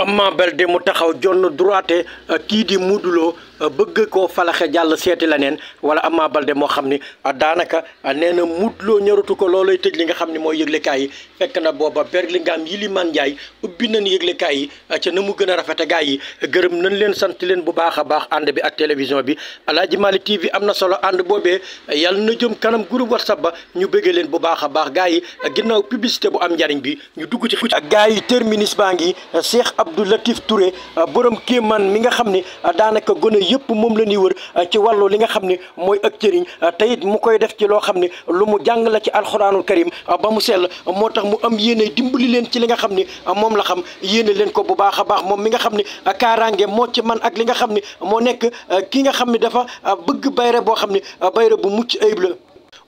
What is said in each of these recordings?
Ama Baldé mu taxaw jonn droite euh, kii di Modou euh, bëgg koo falaxe jàll seeti la neen wala Ama Baldé moo xam ni euh, daanaka nee na Modou Lo ñoratu ko loolay tëj li nga xam ni mooy yëglekaay yi fekk na booba Birmingham Yiliman Ndiaye ubbi nañ yëglekaay yi ca na mu gën a rafete gaa yi gërëm nañ leen sant leen bu baax a baax ànd bi ak télévision bi Aladji Malick TV am na solo ànd boobee yàlla na jëm kanam groupe WhatsApp ba ñu bëggee leen bu baax a baax gaa yi ginnaaw publicité bu am njariñ bi ñu dugg ci gaa yi terminus baa ngi Cheikh Abdou Latif Touré euh, borom man mi nga xam ne euh, daanaka gone yëpp moom la ñuy wër euh, ci wàllu li nga xam ne mooy ak cëriñ te mu koy def ci loo xam ne lu mu jàng la ci alxuraanul karim ba mu sell moo tax mu am yéene dimbali leen ci li nga xam ni moom la xam yéene leen ko bu baax a baax moom mi nga xam ne kaaraange moo ci man ak li nga xam ne moo nekk ki nga xam ne dafa bëgg bayre boo xam ne bayre bu mucc ayib la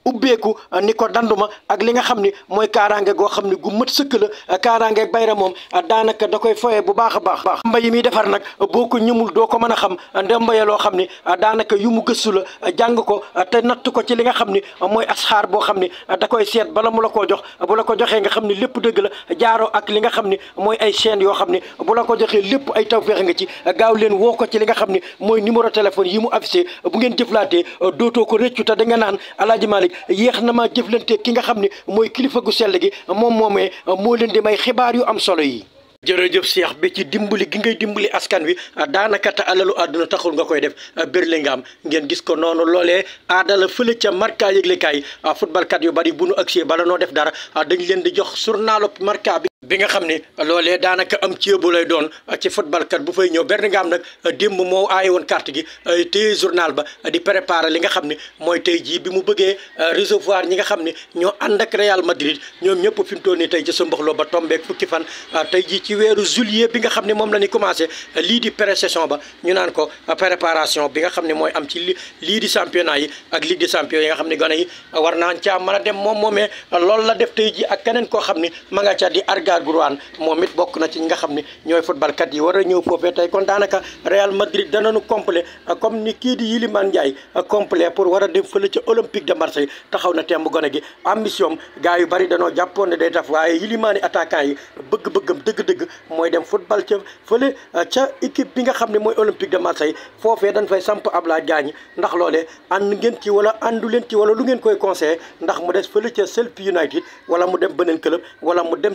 ubbeeku uh, ni ko danduma ak li nga xam ni mooy kaaraange goo xam ni gu mët sëkk la uh, kaaraange bayra moom uh, daanaka da koy foyee bu baax a baax baax ndamba yi muy defar nag boo ko ñëmul doo ko mën a xam ndamba ya loo xam ni daanaka yu mu gëstu la jàng ko te natt ko ci li nga xam ni mooy asxaar boo xam ni da koy seet bala mu la koo jox bu ko joxee nga xam ni lépp dëgg la jaaroo ak li nga xam ni mooy ay chaîne yoo xam ni bu la ko joxee lépp ay tawfeex nga ci gaaw leen woo ko ci li nga xam ni mooy numéro téléphone yi mu affiché bu ngeen jëflaatee dootoo ko rëccu da nga naan alaaji Malik yeex na ma jëflante ki nga xam ne mooy kilifa gu sell gi moom moomee moo leen di may xibaar yu am solo yi. jërëjëf Cheikh bi ci dimbali ki ngay dimbali askan wi daanaka te alalu àdduna taxul nga koy def bérli nga am ngeen gis ko noonu loolee aadala fële ca Marca yëglekaay footballkat yu bari bu nu agsee bala noo def dara dañ leen di jox journal Marca bi. bi nga xam ne loolee daanaka am ci ceebu lay doon ci football kat bu fay ñëw Bellingham nag démb moo aaye woon carte gi euh, téye journal ba di préparer li nga xam ne mooy tey jii bi mu bëggee euh, recevoir ñi nga xam ne ñoo ànd ak Real Madrid ñoom ñëpp fi mu toll nii tey ci sa mboxloo ba tombeek fukki fan euh, tey jii ci weeru juillet bi nga xam ne moom la ñu commencé lii di pré ba ñu naan ko préparation bi nga xam ne mooy am ci lii di championnat yi ak ligue des yi nga xam ne gone yi war naan caa mën a dem moom moomee loolu la def tey jii ak keneen koo xam ne ma di arga Dakar Bourwane moom it bokk na ci ñi nga xam ne ñooy footballkat yi war a ñëw foofee tey kon daanaka Real Madrid danañu complet comme ni kii di Iliman Ndiaye complet pour war a dem fële ca Olympique de Marseille taxaw na temb gone gi ambition gars yu bari danoo jàppoon day def waaye Ilimaani attaquant yi bëgg-bëggam dëgg-dëgg mooy dem football ca fële uh, ca équipe bi nga xam ne mooy Olympique de Marseille foofee dañ fay samp Ablaye Diagne ndax loolee ànd ngeen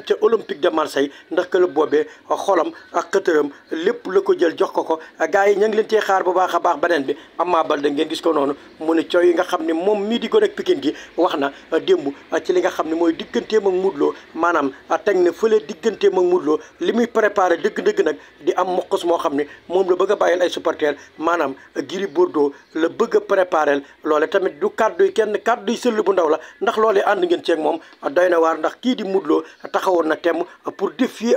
ci olympique de Marseille ndax club boobee xolam ak xëtëram lépp la ko jël jox ko ko gars yi ña ngi leen cee xaar bu baax a baax beneen bi Ama da ngeen gis ko noonu mu ne coow yi nga xam ne moom mii di gone ak Pikine gi wax na démb ci li nga xam ne mooy digganteem ak Modou Lo maanaam teg na fële digganteem ak Modou Lo li muy préparé dëgg-dëgg nag di am mokkus moo xam ne moom la bëgg a bàyyil ay supporters maanaam Gris Bordeaux la bëgg a préparé loole tamit du kàdduy kenn kàdduy sëll bu ndaw la ndax loolee ànd ngeen ceeg moom doy na waar ndax kii di Modou Lo armes pour défier.